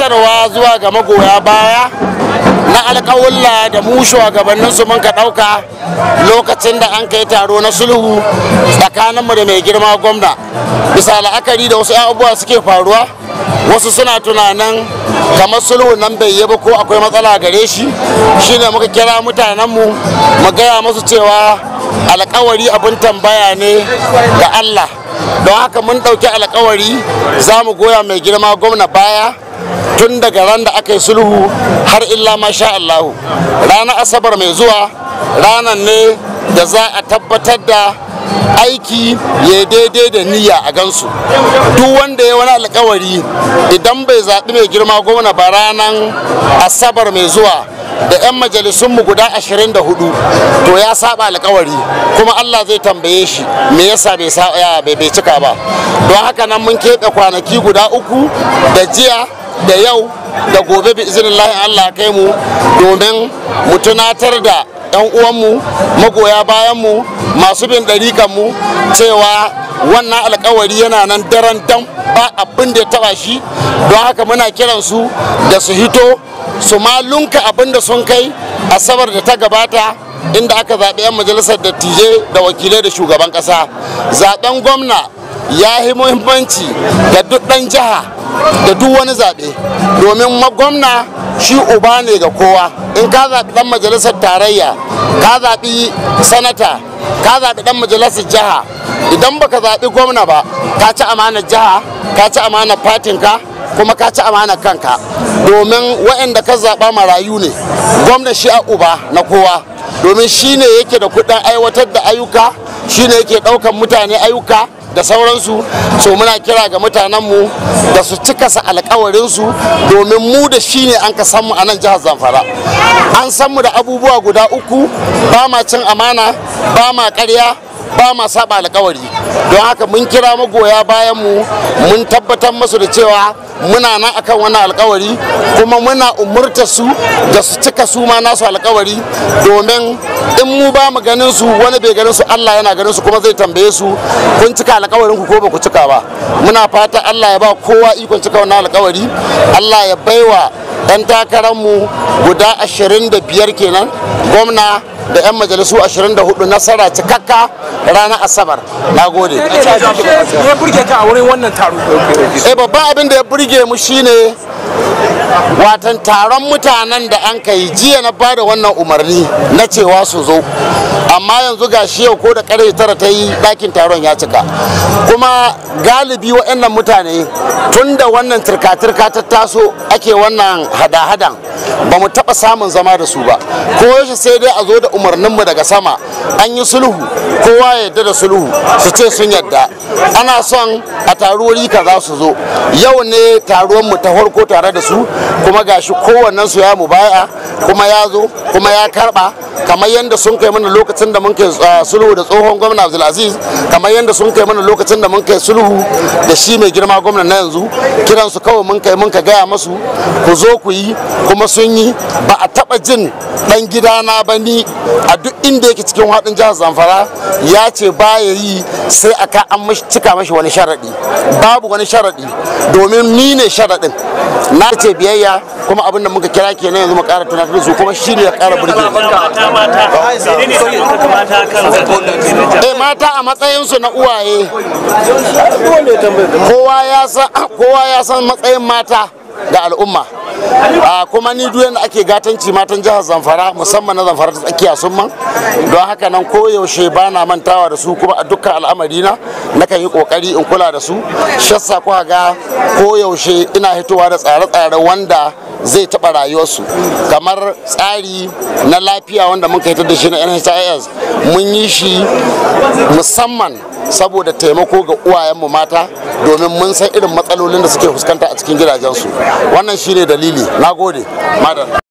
fitarwa zuwa ga magoya baya na alkawulla da mu shugabannin su ka ɗauka lokacin da an kai taro na sulhu tsakaninmu da mai girma gwamna bisa la'akari da wasu abubuwa suke faruwa wasu suna tunanin kamar sulhu nan bai yi ba ko akwai matsala gare shi shine muka kira mutanenmu mu gaya musu cewa alkawari abun tambaya ne ga allah don haka mun ɗauki alkawari za mu goya mai girma gwamna baya tun daga ran da aka yi sulhu har illa masha Allahu ranar asabar mai zuwa ranar ne da za a tabbatar da aiki ya daidai da niyya a gansu duk wanda ya wani alkawari idan bai zaɓi mai girma gwamna ba ranar asabar mai zuwa da 'yan majalisunmu guda 24 to ya saba alkawari kuma Allah zai tambaye shi me yasa bai cika ba don haka nan mun keɓe kwanaki guda uku da jiya da yau da gobe bi izinin Allah kai mu domin mu tunatar da 'yan uwanmu magoya bayanmu masu bin mu cewa wannan alkawari yana nan daren dam ba abin da ya taba shi don haka muna kiran su da su hito su malunka abin da sun kai asabar da ta gabata inda aka zaɓi 'yan majalisar dattijai da wakilai da shugaban ƙasa zaɓen gwamna ya yi muhimmanci ga duk ɗan jiha da duk wani zaɓe domin gwamna shi uba ne ga kowa in ka zaɓi ɗan majalisar tarayya ka zaɓi sanata ka zaɓi ɗan majalisar jiha idan baka zaɓi gwamna ba ka ci amanar jiha ka ci amanar fatinka kuma ka ci amanar kanka domin waɗanda ka zaɓa marayu ne gwamna shi a uba na kowa domin shi ne yake da kuɗin aiwatar da ayyuka shi ne yake ɗaukar mutane ayyuka da sauransu so muna kira ga mutanenmu da su cika sa alkawarinsu domin mu da shi ne an ka san mu a nan jihar zamfara an san mu da abubuwa guda uku ba ma cin amana ba ma karya ba ma saba alkawari don haka mun kira magoya bayan mu mun tabbatar masu da cewa muna nan akan wani alkawari kuma muna umurta su da su cika su ma nasu alkawari domin in mu ba mu ganin su wani bai ganin su Allah yana ganin su kuma zai tambaye su kun cika alkawarin ku ko ba ku cika ba muna fata Allah ya ba kowa ikon cika wannan alkawari Allah ya baiwa dan mu guda 25 kenan gwamna da 'yan majalisu 24 nasara cikakka ranar asabar na gode ya burge ka a wurin wannan taro eh, babban abin da ya burge mu shine watan taron mutanen da an kai jiya na bada wannan umarni na cewa su zo amma yanzu ga shi yau ko da kare tara ta yi ɗakin taron ya cika kuma galibi waɗannan mutane tun da wannan turka-turka ta taso ake wannan hada-hadan ba mu taɓa samun zama da su ba ko yaushe sai dai a zo da umarninmu daga sama an yi sulhu kowa ya yarda da sulhu su ce sun yarda ana son a taruwar yi kaza su zo yau ne taruwar mu ta farko tare da su su kuma gashi kowannen su ya mubaya kuma ya zo kuma ya karba kamar yadda sun kai mana lokacin da mun kai ah, sulhu da tsohon gwamna abdulaziz kamar yadda sun kai mana lokacin da mun kai sulhu da shi mai girma gwamna na yanzu kiran kawai mun kai mun ka gaya masu ku zo ku yi kuma sun yi ba a taba jin dan na ba ni a duk inda yake cikin hadin jihar zamfara ya ce ba ya yi sai aka an cika mashi wani sharaɗi babu wani sharaɗi domin ni ne sharaɗin na ce biyayya kuma abin da muka kira kenan yanzu mu ƙara tunatar arzu kuma shi ne ya kara burge eh mata a matsayinsu na uwaye kowa ya san matsayin mata ga al'umma a kuma ni duk ake gatanci matan jihar zamfara musamman na zamfara ta tsakiya sun man don haka nan koyaushe ba na mantawa da su kuma a dukkan al'amari na nakan yi kokari in kula da su shassa ku ga koyaushe ina hitowa da tsare-tsare wanda zai taɓa rayuwarsu kamar tsari na lafiya wanda muka hita da shi na nhis mun yi shi musamman saboda taimako ga mu mata domin mun san irin matsalolin da suke fuskanta a cikin gidajensu wannan shine dalili na gode